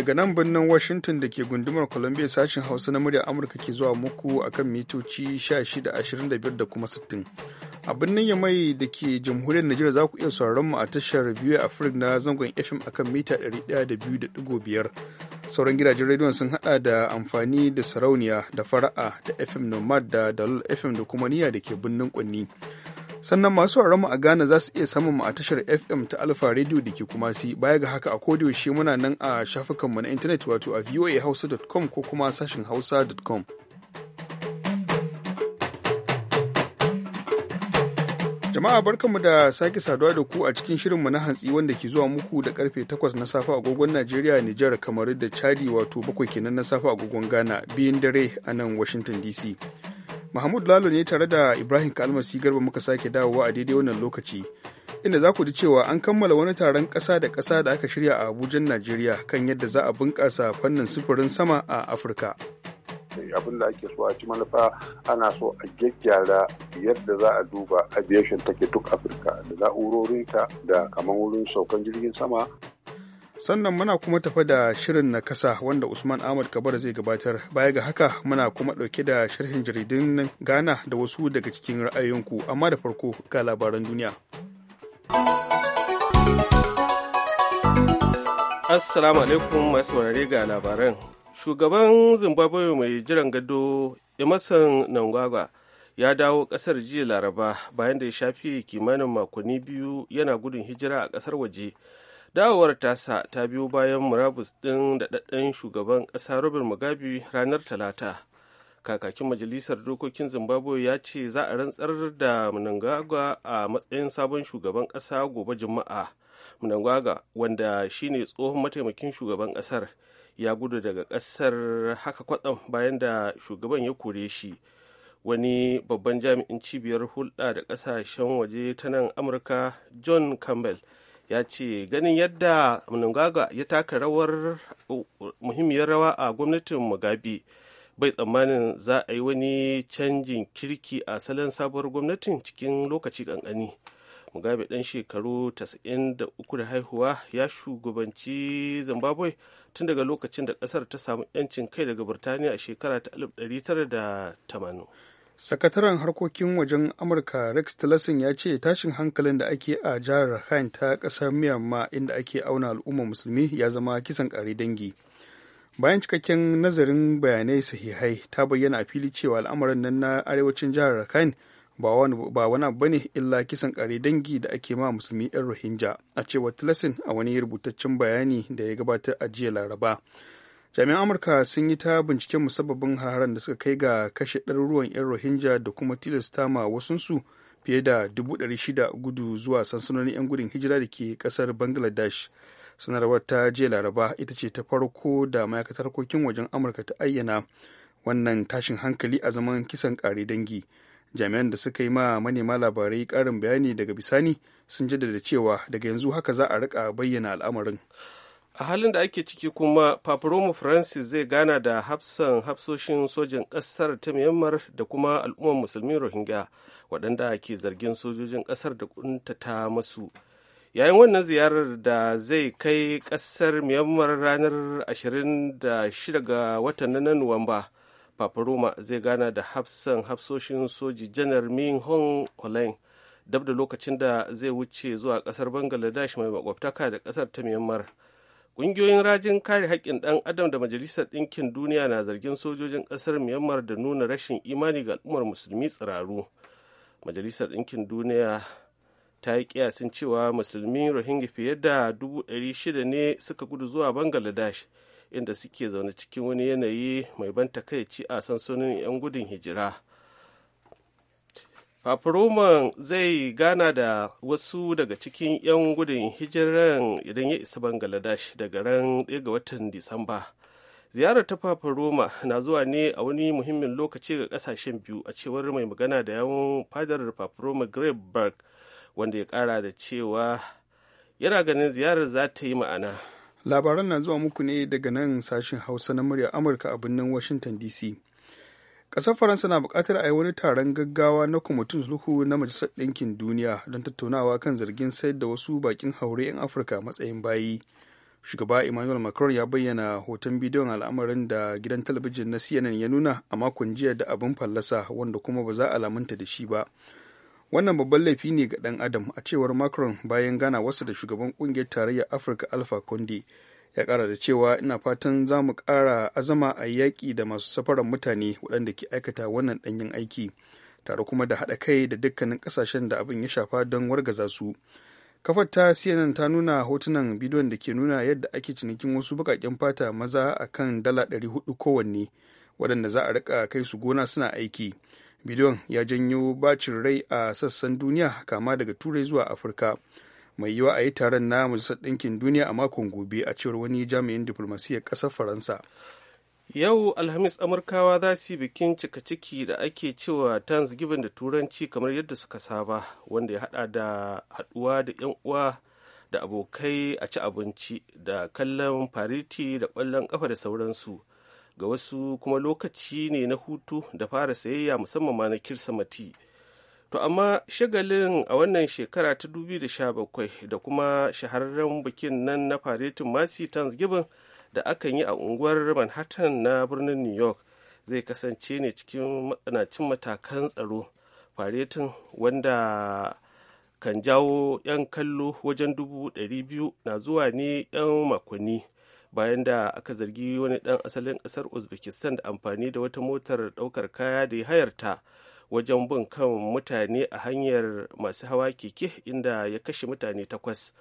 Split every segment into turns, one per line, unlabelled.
daga nan birnin washington da ke gundumar columbia sashen hausa na muryar amurka ke zuwa muku akan mitoci 1625 da kuma 60 a birnin yamai da ke jamhuriyar najeriya za ku iya sauraron mu a tashar biyu a afrik na zangon fm akan mita 102.5 sauran gidajen rediyon sun hada da amfani da sarauniya da fara'a da fm nomad da dalol fm da kuma niya da ke birnin kunni sannan masu mu a Ghana za su iya samun mu a tashar FM ta Alfa Radio da ke kuma si baya ga haka a yaushe muna nan a shafukanmu na intanet wato a voahausa.com ko kuma sashin hausa.com. Jama'a barkanmu da sake saduwa da ku a cikin shirin mu na hantsi wanda ke zuwa muku da karfe 8 na safe agogon Najeriya, Nijar, kamar da Chadi wato bakwai kenan na safe agogon Ghana, biyun dare a nan Washington DC. Mahmud Lalo ne tare da Ibrahim Kalmasi Garba muka sake dawowa a daidai wannan lokaci. Inda za ku ji cewa an kammala wani taron ƙasa da ƙasa da aka shirya a Abuja, Najeriya kan yadda za a bunƙasa fannin sufurin sama a Afirka.
abin da ake so a ci manufa ana so a gyaggyara yadda za a duba aviation take duk afirka da na'urorinta da kamar wurin saukan jirgin sama
sannan muna kuma tafa da shirin na kasa wanda usman ahmad kabar zai gabatar baya ga haka muna kuma ɗauke da sharhin jaridun ghana da wasu daga cikin ra'ayinku amma da farko ga labaran duniya
assalamu alaikum masu saurare ga labaran shugaban zimbabwe mai jiran gado emerson nangwagwa ya dawo kasar jiya laraba bayan da ya shafi kimanin makonni biyu yana gudun hijira a kasar waje dawowar tasa ta biyo bayan murabus ɗin daɗaɗɗen shugaban ƙasa robert mugabe ranar talata kakakin majalisar dokokin zimbabwe ya ce za a rantsar da mnangagwa a matsayin sabon shugaban ƙasa gobe juma'a mnangagwa wanda shine tsohon mataimakin shugaban ƙasar ya gudu daga ƙasar haka kwatsam bayan da shugaban ya kore shi wani babban jami'in cibiyar hulɗa da ƙasashen waje ta nan amurka john campbell ya ce ganin yadda mnangagwa ya taka rawar uh, muhimmiyar rawa a gwamnatin mugabe bai tsammanin za a yi wani canjin kirki a salon sabuwar gwamnatin cikin lokaci kankani mugabe dan shekaru 93 da haihuwa ya shugabanci zimbabwe tun daga lokacin da kasar ta samu 'yancin kai daga birtaniya a shekara ta 1980
sakataren harkokin wajen amurka rex tillerson ya ce tashin hankalin da ake a jihar rakhine ta kasar myanmar inda ake auna al'ummar musulmi ya zama kisan kare dangi bayan cikakken nazarin bayanai sahihai ta bayyana a fili cewa al'amuran nan na arewacin jihar rakhine ba wani abu ne illa kisan kare dangi da ake ma musulmi 'yan rohingya a cewar tillerson a wani rubutaccen bayani da ya gabatar a jiya laraba jami'an amurka sun yi ta binciken musabbabin hararen da suka kai ga kashe ɗaruruwan 'yan rohingya da kuma tilasta ma wasunsu fiye da 600 gudu zuwa sansanonin 'yan gudun hijira da ke ƙasar bangladesh sanarwar ta jiya laraba ita ce ta farko da ma'aikatar harkokin wajen amurka ta ayyana wannan tashin hankali a zaman kisan kare dangi jami'an da suka yi ma manema labarai karin bayani daga bisani sun jaddada cewa daga yanzu haka za a rika bayyana al'amarin a halin da ake ciki kuma paparoma francis zai gana da hafsan
hafsoshin sojin ƙasar ta myanmar da kuma al'ummar musulmin rohingya waɗanda ke zargin sojojin ƙasar da ta masu yayin wannan ziyarar da zai kai ƙasar myanmar ranar 26 ga watan na nuwamba paparoma zai gana da hafsan hafsoshin soji janar min hong dabda dab da lokacin da zai wuce zuwa ƙasar bangladesh mai makwabtaka da ƙasar ta myanmar Ƙungiyoyin rajin kare haƙƙin ɗan adam da Majalisar Ɗinkin Duniya na zargin sojojin ƙasar Myanmar da nuna rashin imani ga al'ummar musulmi tsiraru. Majalisar Ɗinkin Duniya ta yi kiyasin cewa musulmi Rohingya fiye da dubu ɗari shida ne suka gudu zuwa Bangladesh inda suke zaune cikin wani yanayi mai ban takaici a sansanin 'yan gudun hijira. Roma zai gana da wasu daga cikin 'yan gudun hijiran idan ya isa Bangladesh daga ran ga watan Disamba. Ziyarar ta Roma na zuwa ne a wani muhimmin lokaci ga kasashen biyu a cewar mai magana da yawon fadar Roma Greenberg wanda ya kara da cewa yana ganin ziyarar za ta yi
ma'ana. Labaran na zuwa muku ne daga nan sashen Hausa na murya Amurka a birnin Washington DC. ƙasar faransa na bukatar a yi wani taron gaggawa na kwamitin sulhu na majalisar ɗinkin duniya don tattaunawa kan zargin sayar da wasu bakin haure 'yan afirka matsayin bayi shugaba emmanuel macron ya bayyana hoton bidiyon al'amarin da gidan talabijin na cnn ya nuna a makon jiya da abin fallasa wanda kuma ba za a lamunta da shi ba wannan babban laifi ne ga dan adam a cewar macron bayan gana wasu da shugaban kungiyar tarayyar afirka alpha conde ya kara da cewa ina fatan za mu kara azama a yaƙi da masu safaran mutane waɗanda ke aikata wannan ɗanyen aiki tare kuma da haɗa kai da dukkanin ƙasashen da abin ya shafa don wargaza su kafar ta cnn ta nuna hotunan bidiyon da ke nuna yadda ake cinikin wasu baƙaƙen fata maza a kan dala ɗari hudu kowanne waɗanda za a rika kai su gona suna aiki bidiyon ya janyo bacin rai a sassan duniya kama daga turai zuwa afirka mai yiwa a yi taron na majalisar ɗinkin duniya a makon gobe a cewar wani jami'in diplomasiya ƙasar faransa yau alhamis
amurkawa za su yi bikin cika ciki da ake cewa thanksgiving da turanci kamar yadda suka saba wanda ya hada da haduwa da yan uwa da abokai a ci abinci da kallon fariti da ƙwallon ƙafa da sauransu ga wasu kuma lokaci ne na hutu da fara sayayya musamman ma na mati. To amma shagalin a wannan shekara ta 2017 da kuma shahararren bikin nan na faretin Masi Thanksgiving da aka yi a unguwar Manhattan na birnin New York zai kasance ne cikin matsanancin matakan tsaro. Faretin wanda kan jawo 'yan kallo wajen dubu biyu na zuwa ne 'yan makonni bayan da aka zargi wani ɗan asalin ƙasar Uzbekistan da amfani da wata motar ɗaukar kaya da ya hayarta. wajen bin kan mutane a hanyar masu hawa keke inda ya kashe mutane takwas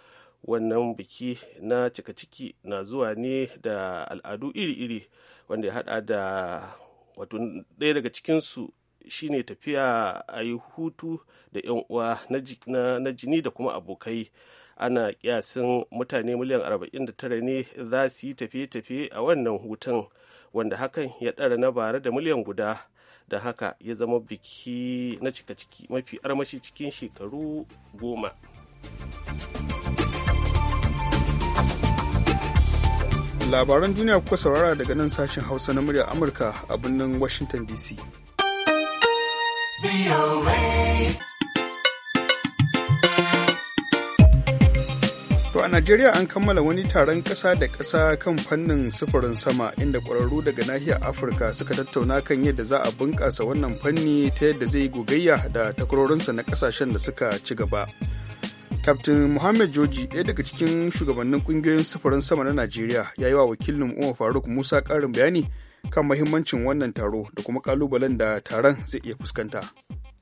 wannan biki na cika ciki na zuwa ne da al'adu iri-iri wanda ya hada da wato ɗaya daga cikinsu shine tafiya a yi hutu da 'yan uwa na jini da kuma abokai ana kiyasin mutane miliyan 49 ne za su yi tafiye-tafiye a wannan hutun wanda hakan ya ɗara na bara da miliyan guda da haka ya zama biki na cika ciki mafi armashi cikin
shekaru goma labaran duniya kuka saurara daga nan sashen hausa na murya amurka a birnin washington dc To a Najeriya an kammala wani taron kasa da kasa kan fannin sufurin sama inda ƙwararru daga nahiyar Afirka suka tattauna kan yadda za a bunƙasa wannan fanni ta yadda zai gogayya da takwarorinsa na kasashen da suka ci gaba. Captain Muhammad Joji ɗaya daga cikin shugabannin ƙungiyoyin sufurin sama na Najeriya ya yi wa wakilin Umar Faruk Musa ƙarin bayani kan mahimmancin wannan taro da kuma ƙalubalen da taron zai iya fuskanta.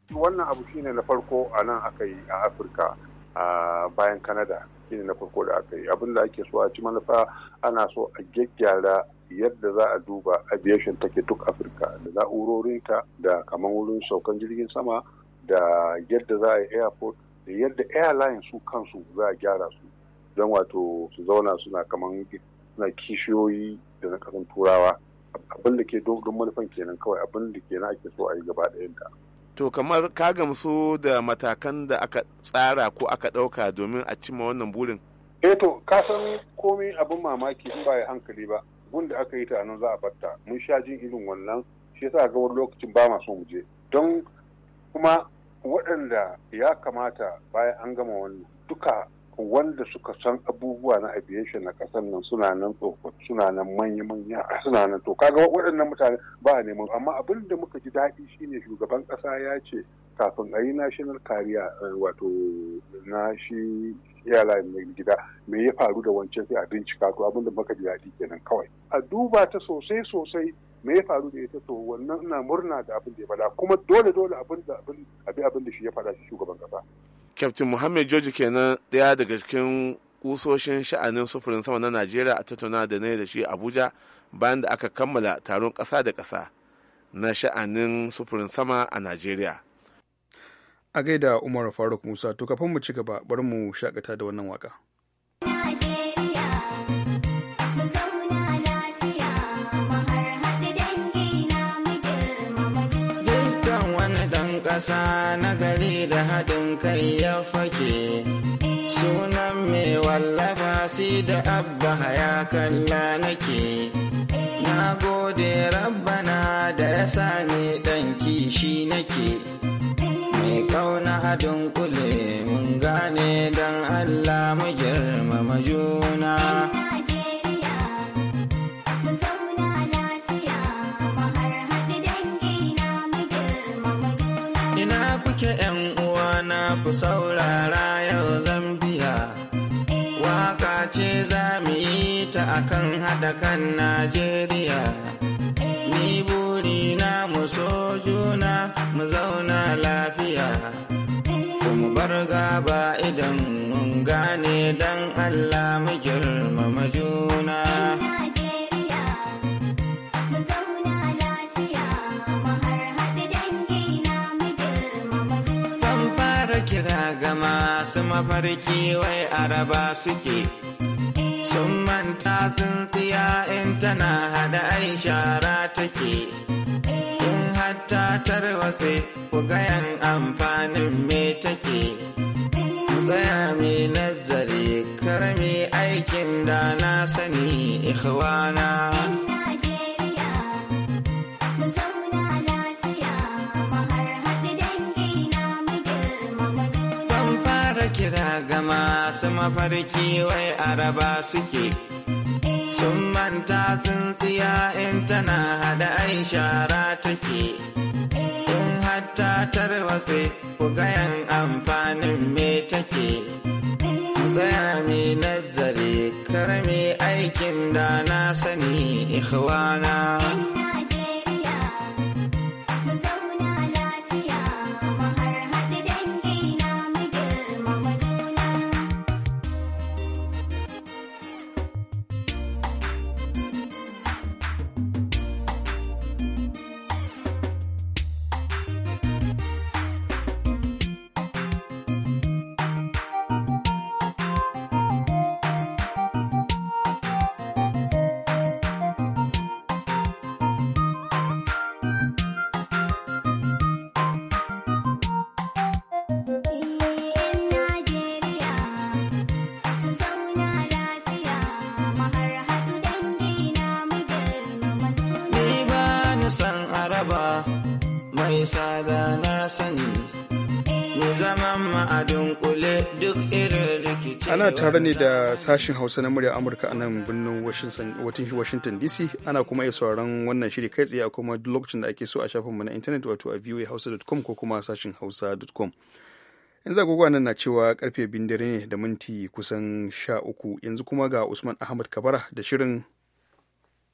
Wannan abu shine na farko a nan aka yi a Afirka. a bayan Canada shine na farko da aka yi abin da ake so a ci manufa ana so a gyaggyara yadda za a duba aviation take duk afirka da na'urorinta da kamar wurin saukan jirgin sama da yadda za a yi airport da yadda airline su kansu za a gyara su don wato su zauna suna kamar suna kishiyoyi da na kasan turawa abin da ke dogon manufan kenan kawai abin da kenan ake so a yi gaba ɗayanta.
to kamar ka gamsu da matakan
da aka tsara ko aka ɗauka domin a cimma wannan burin eh to
ka san komai abin mamaki in ba ya hankali ba gun da aka yi ta nan za a batta mun sha jin irin wannan shi yasa ga wani lokacin ba ma so mu je don kuma waɗanda ya kamata bayan an gama wannan duka wanda suka san abubuwa na aviation na kasar nan suna nan tsofaffi suna nan manya-manya suna nan to kaga waɗannan mutane ba neman amma abin da muka ji daɗi shine shugaban ƙasa ya ce kafin a yi national kariya eh, wato na shi airline mai gida me ya faru da wancan sai a bincika to abin da muka ji daɗi kenan kawai a duba ta sosai sosai me ya faru da ita to wannan ina murna da abin da ya faɗa kuma dole dole abin da abin abin da shi ya faɗa shi shugaban kasa
Captain Muhammad George kenan ɗaya daga cikin kusoshin sha'anin sufurin sama na Najeriya a tattauna da ne da shi Abuja bayan da aka kammala taron ƙasa da ƙasa na sha'anin sufurin sama a Najeriya.
A gaida Umar Faruk Musa to kafin mu ci gaba bari mu shakata da wannan waka.
ƙasa na gari da haɗin kai ya fake sunan mai wallafa si da abba ya kalla nake na gode rabbana da ya sa ni ɗan kishi nake mai ƙauna haɗin kule mun gane don allah mu girmama juna waka ce za mu yi ta akan haɗa kan Najeriya. Ni buri na mu so juna mu zauna lafiya. Mu bar gaba idan mun gane dan Allah mu girmama juna. mafarki wai araba suke sun manta sun siya in tana hada aishara shara take in hatta tarwatse ku gayan amfanin me take tsaya mai nazari karmi aikin da na sani ikhwana. kira ga masu mafarki wai araba suke sun manta sun siya in tana hada ai shara take in hatta tarwatse ku gayan amfanin me take tsaya mai nazari karmi aikin da na sani ikhwana. nisa da na sani mu duk irin ana tare ne
da sashin hausa na murya amurka a nan birnin washington dc ana kuma iya sauraron wannan shiri kai tsaye a kuma duk lokacin da ake so a shafinmu na intanet wato a voahausa.com ko kuma sashin hausa.com yanzu agogo nan na cewa karfe bindire ne da minti kusan sha uku yanzu kuma ga usman ahmad kabara da shirin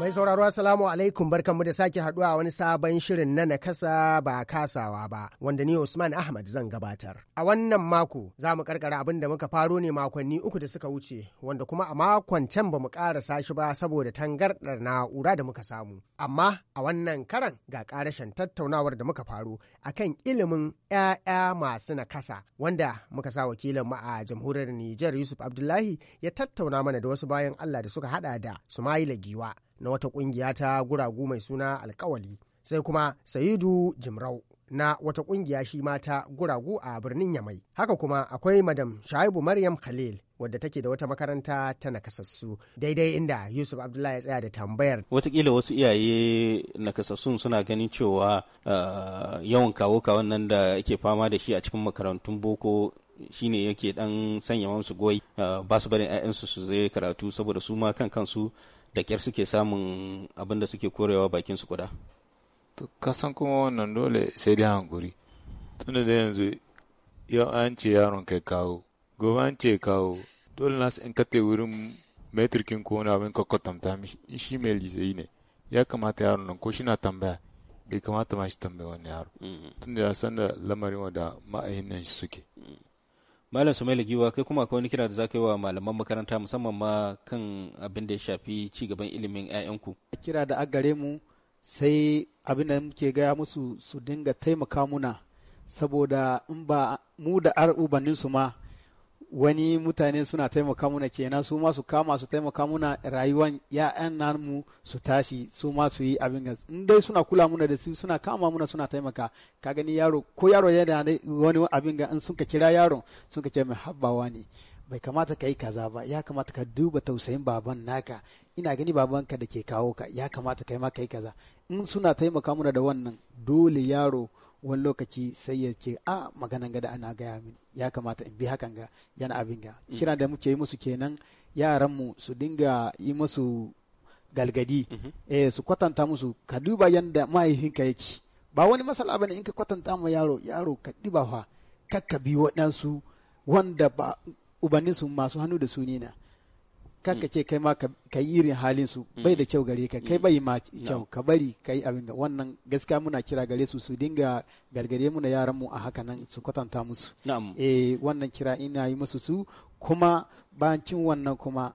Mai sauraro Assalamu alaikum barkanmu da sake haduwa wani sabon shirin na nakasa ba kasawa ba wanda ni Usman Ahmad zan gabatar. A wannan mako za mu karkara abin da muka faro ne makonni uku da suka wuce wanda kuma a makon can ba mu karasa shi ba saboda tangardar na'ura da muka samu. Amma a wannan karan ga karashen tattaunawar da muka faro akan ilimin 'ya'ya masu nakasa wanda muka sa wakilin mu a jamhuriyar Nijar Yusuf Abdullahi ya tattauna mana da wasu bayan Allah da suka hada da Sumaila Giwa na wata kungiya ta guragu mai suna alkawali sai kuma sayidu jimrau na wata kungiya shi mata guragu a birnin yamai haka kuma akwai madam shaibu maryam khalil wadda take da wata makaranta ta nakasassu daidai inda yusuf abdullahi ya tsaya da tambayar
watakila wasu iyaye nakasassun suna ganin cewa eh, yawan kawo kawon nan da ake fama da shi a cikin makarantun boko shine yake dan sanya musu goyi eh, ba su barin 'ya'yansu su zai karatu saboda su ma kan kansu da kyar suke samun abin da suke korewa bakin su kuda
to kasan kuma wannan dole sai dai hankuri
tunda da yanzu yau an ce yaron kai
kawo
gobe an ce kawo dole nasu in kate wurin metrikin ko wani abin kwatanta shi mai lizayi ne ya kamata yaron nan ko shi na tambaya bai kamata ma shi tambaya wani yaro mm-hmm. tunda ya san da lamarin da ma'ayin nan suke mm-hmm.
Malam Sumaila Giwa kai kuma akwai wani kira da za ka yi wa malaman makaranta musamman ma kan abin da ya shafi ci gaban ilimin 'ya'yanku.
Kira da agare mu sai abin da muke gaya musu su dinga taimaka muna saboda in ba mu da ubanninsu ma wani mutane suna taimaka muna kenan su ma kama su taimaka muna rayuwan ya'yan namu su tashi su ma su yi abin gas in dai suna kula muna da su suna kama muna suna taimaka ka gani yaro ko yaro yana da wani abin ga in sun ka kira yaron sun ka ce mai habbawa ne bai kamata ka yi kaza ba ya kamata ka duba tausayin baban naka ina gani babanka da ke kawo ka ya kamata ka yi ma ka kaza in suna taimaka muna da wannan dole yaro wani lokaci sai ya ce a ah, maganan gada ana gaya mini ya kamata in bi hakan ga yana abin ga mm. kira da muke yi musu kenan yaranmu su dinga yi musu galgadi mm-hmm. eh su kwatanta musu ka duba yanda mahaifinka yake ba wani masala bane in ka kwatanta ma yaro yaro ka duba kakka bi waɗansu wanda ba su masu hannu da sunina. kaka mm. ce kai ma ka yi irin halin su mm. bai da kyau gare ka kai mm. bai ma kyau ka bari kai abin da wannan gaskiya muna kira gare su su dinga mu muna yaran mu a haka nan su kwatanta musu eh wannan kira ina yi musu su kuma bayan cin wannan kuma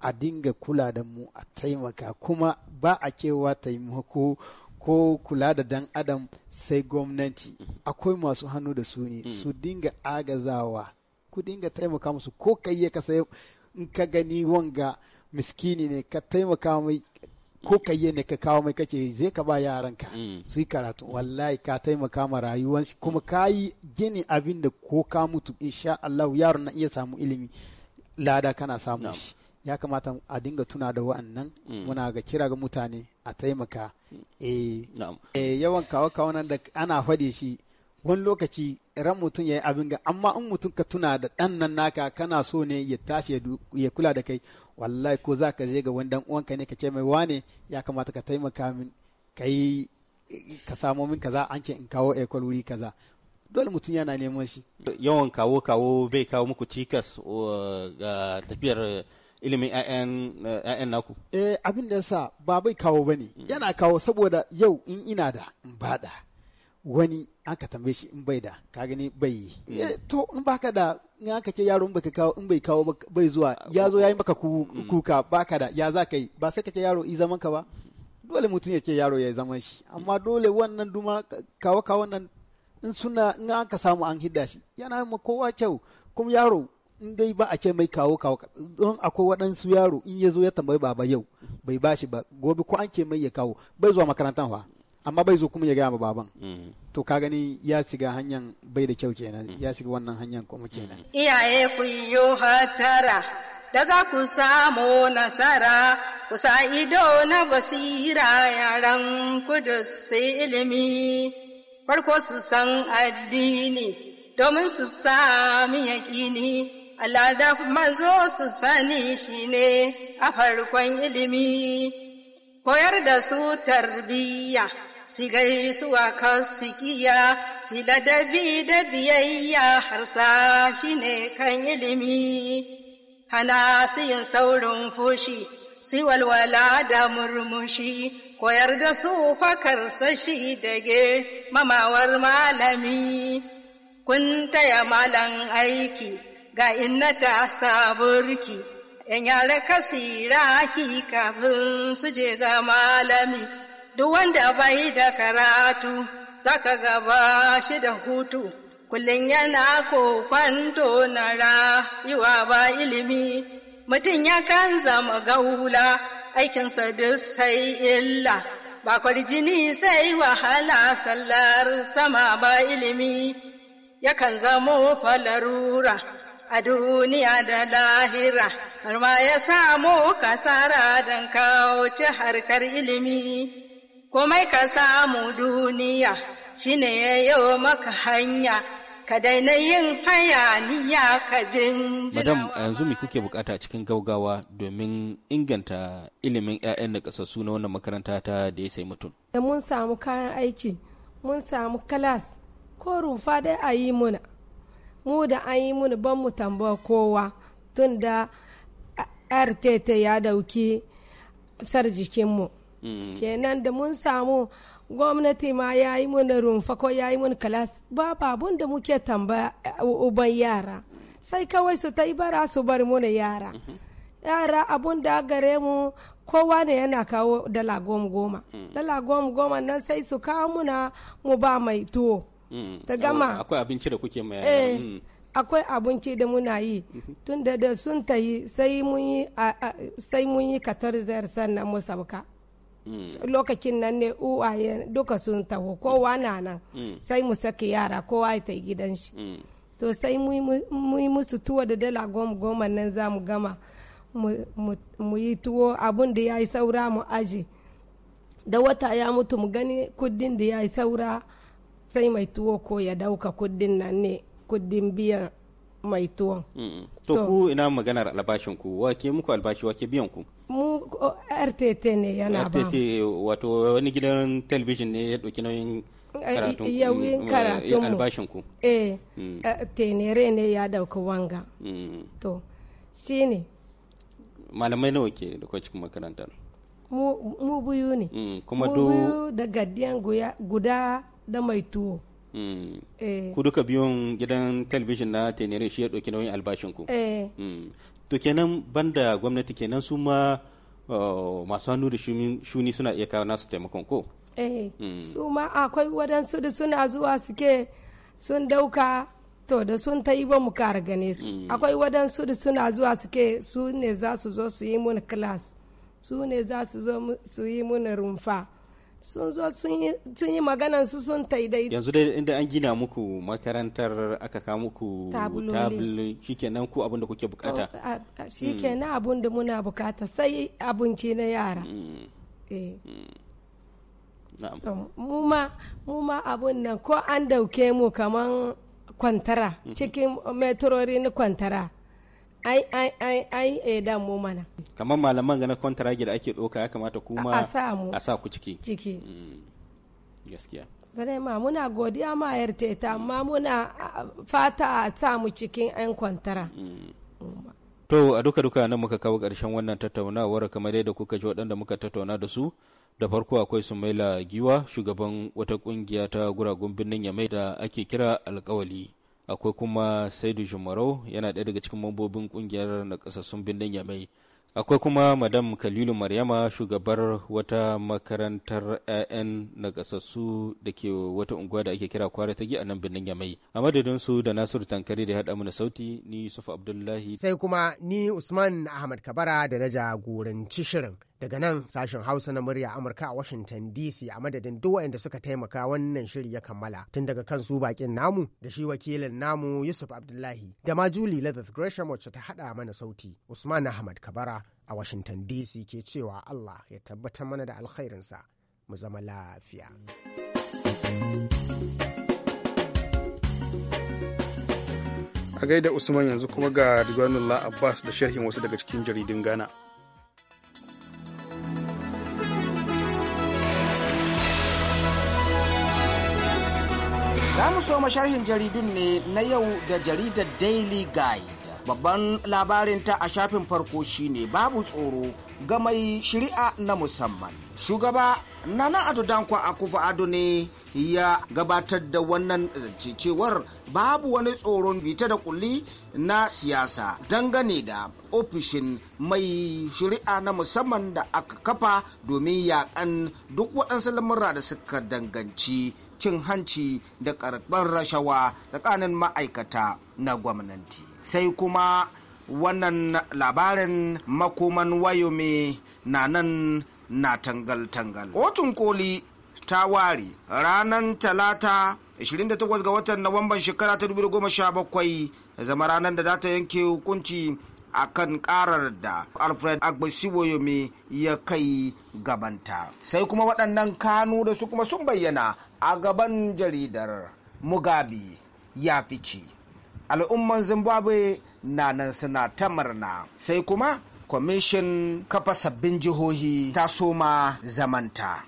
a dinga kula da mu a taimaka kuma ba a cewa taimako ko kula da dan adam sai gwamnati mm-hmm. akwai masu hannu da su ne su dinga agazawa ku dinga taimaka musu ko kai ya ka sayo. in ka gani wanga miskini ne ka taimaka mai ko ka ne ka kawo mai kace zai ka ba yaranka mm. su yi karatu wallahi ka taimaka ma rayuwar shi kuma ka gini abin da ko ka mutu insha Allah yaron na iya samu ilimi lada kana samu shi ya kamata a dinga tuna da wa'annan mm. muna ga kira ga mutane a taimaka mm. eh. eh yawan kawo kawo nan da ana faɗi shi wani lokaci ran mutum ya yi abin ga amma in mutum ka tuna da ɗan nan naka kana so ne ya tashi ya kula da kai wallahi ko za ka je ga wani uwanka ne ka ce mai wane ya kamata ka taimaka min ka yi ka samo min kaza an ce in kawo ekol wuri kaza dole mutum yana neman shi
yawan kawo kawo bai kawo muku cikas uh, ga tafiyar ilimin ayan naku
eh abin da sa ba bai kawo bane mm. yana kawo saboda yau in ina da in bada wani an ka tambaye shi in bai da ka gani bai yi mm. eh, to in baka da in aka ce yaro in baka kawo in bai kawo bai zuwa ya zo ya yi maka mm. kuka baka da ya za ka yi ba sai ka ce yaro i zaman ka ba dole mutum ya ce yaro ya zaman shi amma dole wannan duma kawo kawo nan in suna in an ka samu an hidda shi yana ma kowa kyau kuma yaro in dai ba a ce mai kawo kawo don akwai waɗansu yaro in ya zo ya tambayi baba yau bai bashi ba gobe ko an ce mai ya kawo bai zuwa makarantar fa amma bai zo kuma ya gaya ma baban mm-hmm. to ka gani ya shiga hanyar bai da kyau kenan mm-hmm. ya shiga wannan hanyar kuma kenan mm-hmm.
iyaye ku yo hatara da za ku samu nasara ku sa ido na basira yaran ku da sai ilimi farko su san addini domin su sami yaƙini Allah da manzo su sani shi ne a farkon ilimi, koyar da su tarbiyya Si gaisuwa kasikiya si ladabi da biyayya Harsashi ne kan ilimi hana su saurin fushi siwalwala walwala da murmushi koyar da su fakarsa shi dage mamawar malami kun taya malan aiki ga inna ta saburki ‘yan yara kasira ki kafin su je ga malami. duk wanda bai da karatu saka gaba shi da hutu kullum yana ko na rayuwa ba ilimi mutum ya kan zama gaula aikinsa duk sai illa ba jini sai wahala sallar sama ba ilimi yakan zamo falarura a duniya da lahira har ma ya samu kasara don kawo ci harkar ilimi komai ka samu duniya shine ya yi maka hanya ka daina yin hayaniya ka jin madam
a yanzu me kuke bukata cikin gaugawa domin inganta ilimin 'ya'yan da kasassu na wannan makaranta ta da ya sai mutum
da mun samu kayan aiki mun samu kalas ko rufa dai a yi muna mu da an yi muna ban mu tambaya kowa tun da rtt ya dauki sar jikinmu Mm. kenan da mun samu gwamnati ma ya yi mun rumfa ko ya yi mun kalas ba babun da muke tambaya uban yara sai kawai su ta yi bara su bar mu yara mm-hmm. yara abun da gare mu kowa ne yana kawo dala goma goma mm. dala goma goma nan sai su kawo muna mu ba mai tuwo
mm. ta gama akwai abinci da kuke mai eh,
akwai abinci da muna yi mm-hmm. tun da da sun ta yi sai mun yi katar zayar sannan mu sauka Mm. lokacin nan ne uwaye duka sun taho kowa na nan mm. sai mu saki yara kowa ya ta gidan shi mm. to sai mu musu tuwo da dala goma goma nan za mu gama mu yi tuwo abun da ya yi saura mu aji da wata ya mutu mu gani kudin da ya yi saura sai mai tuwo ko ya dauka kuddin nan ne kuddin biyan mai
tuwon. To ku ina maganar albashin ku wake muku albashi wake biyan ku.
Mu RTT ne yana ba. RTT
wato wani gidan talabijin ne ya ɗauki nauyin eh, karatun yawin mm, karatun mu. Albashin ku. Eh, mm. eh
tenere ne ya dauki wanga. Mm. To shi ne.
Malamai nawa ke da kwa cikin makarantar.
Mu biyu
ne. Kuma do. Mu
da gadiyan guda da mai tuwo. Eh. Eh. ku
duka biyun gidan talabijin na tenere shi ya ɗauki nauyin albashin ku eh. hmm. to kenan banda gwamnati kenan su ma oh, masu hannu da shuni suna iya kawo nasu taimakon ko
eh hmm. su ma akwai waɗansu da suna zuwa suke sun dauka to da sun ta yi ba mu kara gane su hmm. akwai waɗansu da suna zuwa suke su ne za su zo su yi mun class su ne za su zo su yi mun rumfa sun zo sun yi maganan su sun tai daidai yanzu
dai inda an gina muku makarantar aka kawo muku tabuloli shikenan ku abin da kuke bukata oh, hmm. shikenan
abin da muna bukata sai abinci na yara hmm. eh. hmm. muma muma abun nan ko an dauke mu kaman kwantara cikin metrori na kwantara ai ai ai ai eh mana
kamar malaman ga na ake doka ya kamata kuma a sa mu a sa ku ciki ciki mm. gaskiya
bare ma muna godiya ma yarteta amma muna fata a sa mu cikin yan kwantara
mm. to a duka duka nan muka kawo ƙarshen wannan tattaunawar kamar da kuka ji waɗanda muka tattauna da su da farko akwai sumaila giwa shugaban wata ƙungiya ta guragun birnin yamai da ake kira alkawali akwai kuma saidu jumarau yana ɗaya daga cikin mambobin ƙungiyar na ƙasassun birnin yamai akwai kuma madam kalilu maryama shugabar wata makarantar 'ya'yan na ƙasassu da ke wata unguwa da ake kira kwara ta a nan birnin yamai a madadin su da nasiru tankari da ya haɗa mana sauti ni yusuf abdullahi
sai kuma ni usman ahmad kabara da na jagoranci shirin daga nan sashen hausa na murya amurka a washington dc a madadin duk waɗanda suka taimaka wannan shiri ya kammala tun daga kan su bakin namu da shi wakilin namu yusuf abdullahi da ma juli leathers gresham wacce ta hada mana sauti usman ahmad kabara a washington dc ke cewa allah ya tabbatar mana da alkhairinsa mu zama lafiya.
a gaida usman yanzu kuma ga abbas da sharhin wasu daga cikin jaridun ghana
Za mu so masharhin jaridun ne na yau da jaridar Daily Guide. Babban labarinta a shafin farko shine babu tsoro ga mai shari'a na musamman. Shugaba Nana Ado Dankwa Akufa Ado ne ya gabatar da wannan cewar babu wani tsoron bita da kulli na siyasa dangane da ofishin mai shari'a na musamman da aka kafa domin yakan duk waɗansu lamurra da suka danganci cin hanci da karɓar rashawa tsakanin ma'aikata na gwamnati sai kuma wannan labarin makoman wayome na nan na tangal-tangal otun koli ta ware ranar talata 28 ga watan Nuwamban shekara ta 2017 zama ranar da za ta yanke hukunci a kan karar da Alfred Agbesiwoyomi ya kai gabanta. Sai kuma waɗannan kanu da su kuma sun bayyana a gaban jaridar mugabe ya fice al'umman zimbabwe na nan suna ta murna sai kuma kwamishin kafa sabbin jihohi ta soma zamanta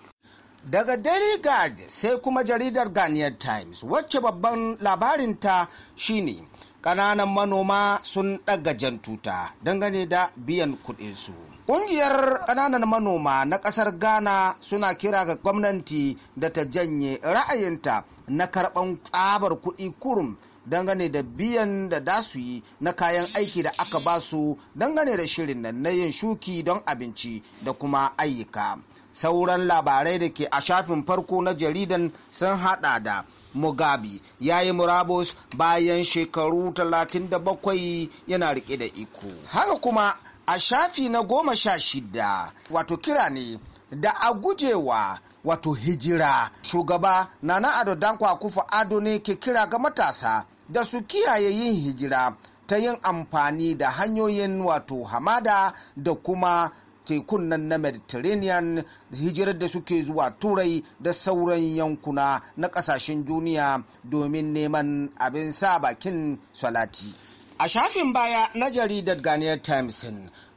daga daily guard sai kuma jaridar ghanaian times wacce babban labarinta shine ƙananan manoma sun ɗaga jan tuta dangane da biyan kuɗinsu. Ƙungiyar ƙananan manoma na ƙasar Ghana suna kira ga gwamnati da ta janye ra'ayinta na karɓan tsabar kuɗi kurum dangane da biyan da da su yi na kayan aiki da aka ba su dangane da shirin nan na yin shuki don abinci da kuma ayyuka. Sauran labarai da ke a shafin farko na jaridan sun haɗa da mugabe ya yi murabus bayan shekaru 37 yana rike da iko haka kuma a shafi na goma sha shida wato kira ne da a gujewa wato hijira shugaba nana ado dankwa kufa ado ne ke kira ga matasa da su kiyaye yin hijira ta yin amfani da hanyoyin wato hamada da kuma tekun nan na mediterranean hijirar da suke zuwa turai da sauran yankuna na kasashen duniya domin neman abin sa bakin salati a shafin baya na jaridar ghanaian times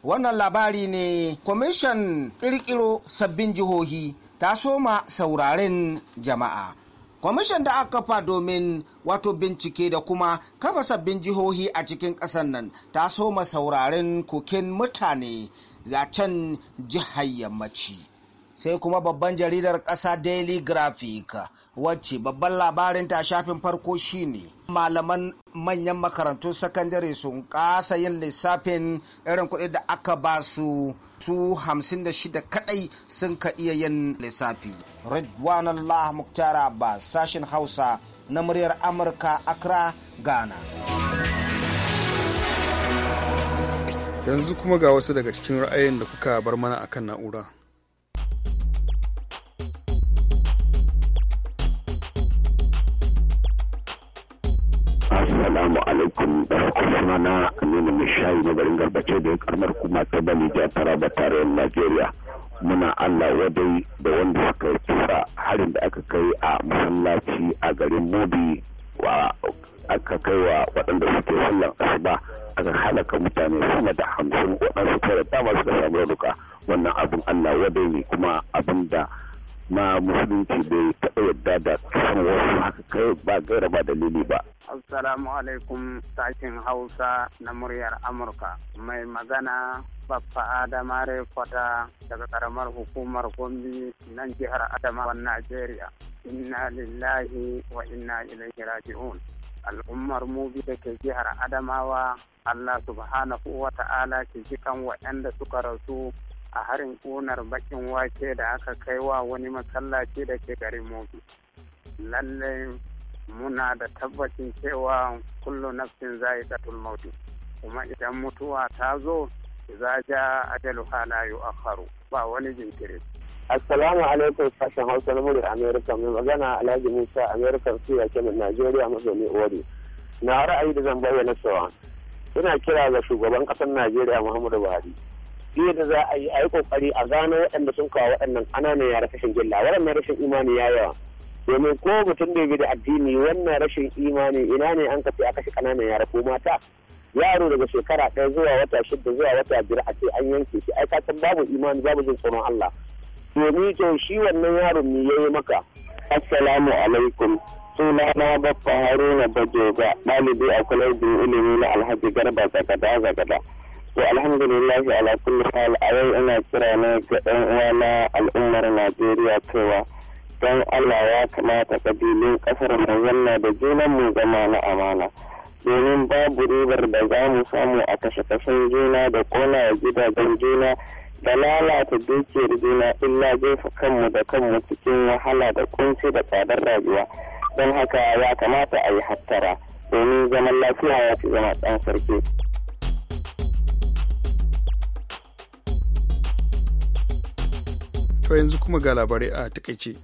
wannan labari ne kwamishan kirkiro sabbin jihohi ta soma sauraren jama'a kwamishan da aka kafa domin wato bincike da kuma kafa sabbin jihohi a cikin ƙasar nan ta soma sauraren koken mutane zaton jihar yammaci sai kuma babban jaridar ƙasa daily graphic wacce babban labarin ta shafin farko shine malaman manyan makarantun sakandare sun kasa yin lissafin irin kuɗi da aka ba su su 56 kadai sun ka iya yin lissafi ridwan allah ba ba sashen hausa na muryar amurka accra ghana
yanzu kuma ga wasu daga cikin ra'ayin da kuka bar mana akan na'ura
Assalamu alaikum da kuma na mai shayi na garin Garbace da ya karmar kuma ta bani da Taraba tarayyar Najeriya. Muna Allah wadai da wanda suka tura harin da aka kai a masallaci a garin Mobi wa aka kai wa waɗanda suke sallan asuba aka halaka mutane sama da hamsin waɗansu kawai dama suka samu raunuka wannan abin allah wadai ne kuma abin da ma musulunci bai taɓa yadda da kasan wasu haka kai ba gaira ba dalili ba.
Assalamu alaikum sashen Hausa na muryar Amurka mai magana Baffa Adamare Kwata daga karamar hukumar Gombe nan jihar Adamawa Najeriya. Inna lillahi wa inna ilaihi raji'un. al'ummar mu da ke jihar adamawa allah subhanahu wa ta'ala ke jikan waɗanda suka rasu a harin ƙunar bakin wake da aka kai wa wani masallaci da ke garin mobi lallai muna da tabbacin cewa kullu nafsin zai katul mauti kuma idan mutuwa ta zo za ja ajalu la yu'akharu ba
wani jinkiri
Assalamu alaikum sashen Hausa na muryar Amerika mai magana a Alhaji Musa amerika Suya Kemin Najeriya mazauni Ori. Na ra'ayi da zan bayyana cewa ina kira ga shugaban ƙasar Najeriya Muhammadu Buhari. Jiya da za a yi a yi kokari a gano waɗanda sun kawo waɗannan ƙananan yara rashin jilla waɗannan rashin imani ya yawa. Domin ko mutum da da addini wannan rashin imani ina ne an kafi a kashe ƙananan yara ko mata. Yaro daga shekara ɗaya zuwa wata shida zuwa wata biyar a ce an yanke shi ai ka babu imani babu jin tsoron Allah. domin to shi wannan yaron ne ya yi maka assalamu alaikum suna na babba haruna bajoga ɗalibi a kwalejin ilimi na alhaji garba zagada zagada to alhamdulillah ala kulli hal a yau ina kira ne ga ɗan uwana al'ummar najeriya cewa don allah ya kamata kabilun ƙasar mu zanna da junan mu zama na amana domin babu ribar da za mu samu a kashe-kashen juna da kona gidajen juna da lalata dukiyar juna illa jefa kanmu da kanmu cikin wahala da kunci da tsadar rayuwa don haka ya kamata a yi hattara domin zaman lafiya ya fi zama ɗan sarki.
To yanzu kuma ga labarai a takaice.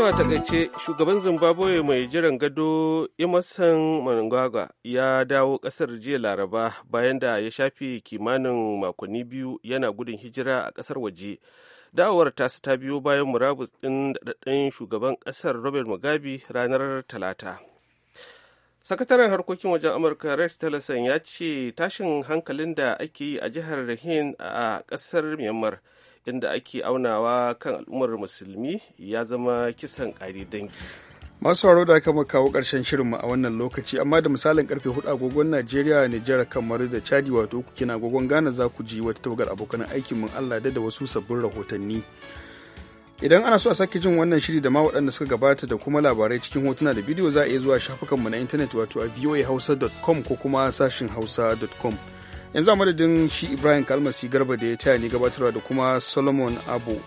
To a takaice shugaban Zimbabwe mai jiran gado Emerson Mnangagwa ya dawo kasar jiya Laraba bayan da ya shafe kimanin makonni biyu yana gudun hijira a kasar waje. Dawowar ta ta biyo bayan murabus ɗin daɗaɗɗen shugaban ƙasar Robert Mugabe ranar Talata. Sakataren harkokin wajen Amurka Rex Tillerson ya ce tashin hankalin da ake yi a jihar rahin a ƙasar Myanmar. inda ake aunawa kan al'ummar musulmi ya zama kisan ƙari dangi
masu haro da aka kawo ƙarshen shirinmu a wannan lokaci amma da misalin karfe hudu agogon najeriya nijar kamar da chadi wato uku kina agogon ghana za ku ji wata tawagar abokan aikin mun allah da wasu sabbin rahotanni idan ana so a sake jin wannan shiri da ma waɗanda suka gabata da kuma labarai cikin hotuna da bidiyo za a iya zuwa shafukanmu na intanet wato a voahausa.com ko kuma sashin hausa.com yanzu a madadin shi ibrahim kalmasi garba da ya taya ni gabatarwa da kuma solomon abu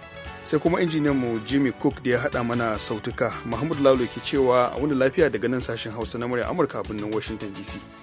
sai kuma injiniyan mu jimmy cook da ya haɗa mana sautuka mahmud lalo ke cewa a wani lafiya daga nan sashen hausa na murya amurka a birnin washington dc